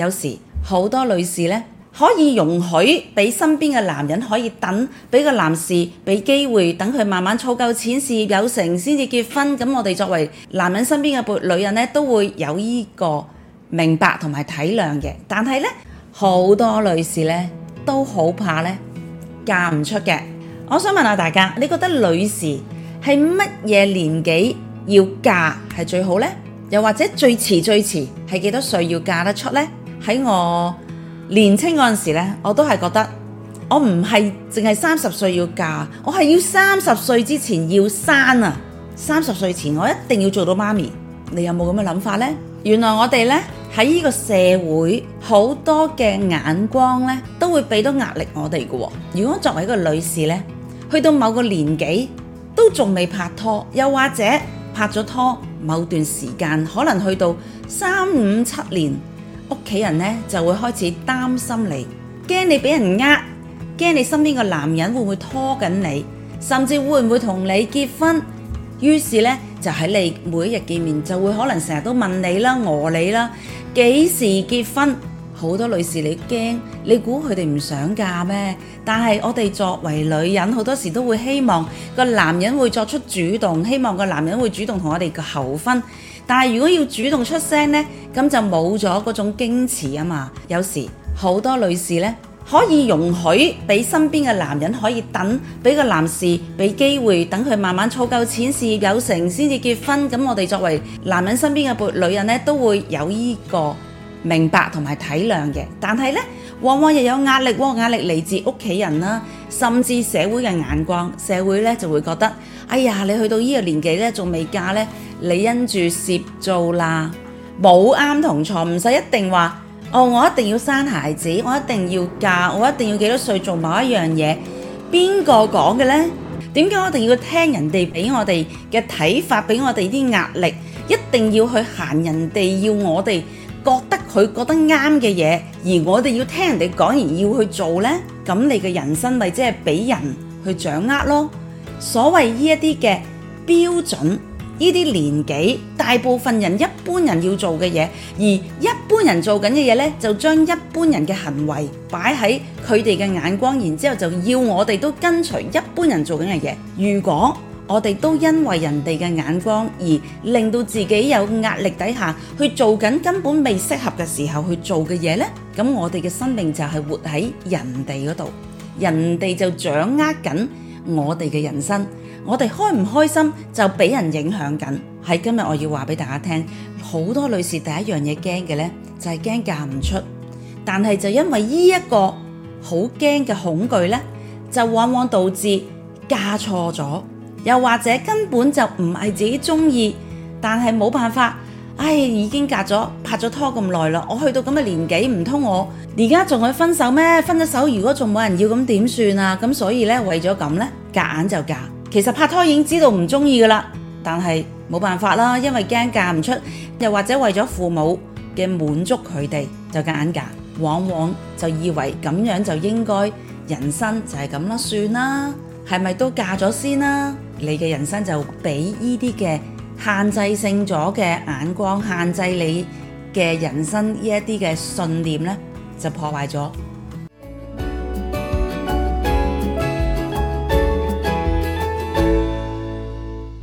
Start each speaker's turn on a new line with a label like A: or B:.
A: 有時好多女士咧，可以容許俾身邊嘅男人可以等，俾個男士俾機會等佢慢慢儲夠錢，事業有成先至結婚。咁我哋作為男人身邊嘅女人咧，都會有呢個明白同埋體諒嘅。但係咧，好多女士咧都好怕咧嫁唔出嘅。我想問下大家，你覺得女士係乜嘢年紀要嫁係最好呢？又或者最遲最遲係幾多歲要嫁得出呢？喺我年青嗰陣時，我都係覺得我唔係淨係三十歲要嫁，我係要三十歲之前要生啊！三十歲前我一定要做到媽咪。你有冇咁嘅諗法呢？原來我哋呢，喺呢個社會好多嘅眼光呢，都會俾到壓力我哋嘅。如果作為一個女士呢，去到某個年紀都仲未拍拖，又或者拍咗拖，某段時間可能去到三五七年。屋企人呢就會開始擔心你，驚你俾人呃，驚你身邊個男人會唔會拖緊你，甚至會唔會同你結婚。於是呢就喺你每一日見面就會可能成日都問你啦、餓你啦，幾時結婚？好多女士你驚，你估佢哋唔想嫁咩？但係我哋作為女人，好多時都會希望個男人會作出主動，希望個男人會主動同我哋求婚。但係如果要主動出聲呢，咁就冇咗嗰種矜持啊嘛。有時好多女士呢，可以容許俾身邊嘅男人可以等，俾個男士俾機會等佢慢慢儲夠錢，事業有成先至結婚。咁我哋作為男人身邊嘅女人呢，都會有呢個明白同埋體諒嘅。但係呢，往往又有壓力喎，壓力嚟自屋企人啦，甚至社會嘅眼光，社會呢就會覺得。哎呀，你去到呢個年紀呢，仲未嫁呢？你因住涉造啦，冇啱同錯，唔使一定話哦，我一定要生孩子，我一定要嫁，我一定要幾多歲做某一樣嘢，邊個講嘅呢？點解我一定要聽人哋俾我哋嘅睇法，俾我哋啲壓力，一定要去行人哋要我哋覺得佢覺得啱嘅嘢，而我哋要聽人哋講而要去做呢？咁你嘅人生咪即係俾人去掌握咯？所謂呢一啲嘅標準，呢啲年紀，大部分人一般人要做嘅嘢，而一般人做緊嘅嘢呢，就將一般人嘅行為擺喺佢哋嘅眼光，然之後就要我哋都跟隨一般人做緊嘅嘢。如果我哋都因為人哋嘅眼光而令到自己有壓力底下去做緊根本未適合嘅時候去做嘅嘢呢，咁我哋嘅生命就係活喺人哋嗰度，人哋就掌握緊。我哋嘅人生，我哋開唔開心就俾人影響緊。喺今日我要話俾大家聽，好多女士第一樣嘢驚嘅呢，就係驚嫁唔出。但係就因為呢一個好驚嘅恐懼呢，就往往導致嫁錯咗，又或者根本就唔係自己中意，但係冇辦法。唉、哎，已經隔咗拍咗拖咁耐啦，我去到咁嘅年紀，唔通我而家仲去分手咩？分咗手，如果仲冇人要咁點算啊？咁所以呢，為咗咁呢，夾硬就嫁。其實拍拖已經知道唔中意噶啦，但係冇辦法啦，因為驚嫁唔出，又或者為咗父母嘅滿足他們，佢哋就夾硬嫁。往往就以為咁樣就應該，人生就係咁啦，算啦，係咪都嫁咗先啦？你嘅人生就俾呢啲嘅限制性咗嘅眼光，限制你嘅人生呢一啲嘅信念咧，就破壞咗。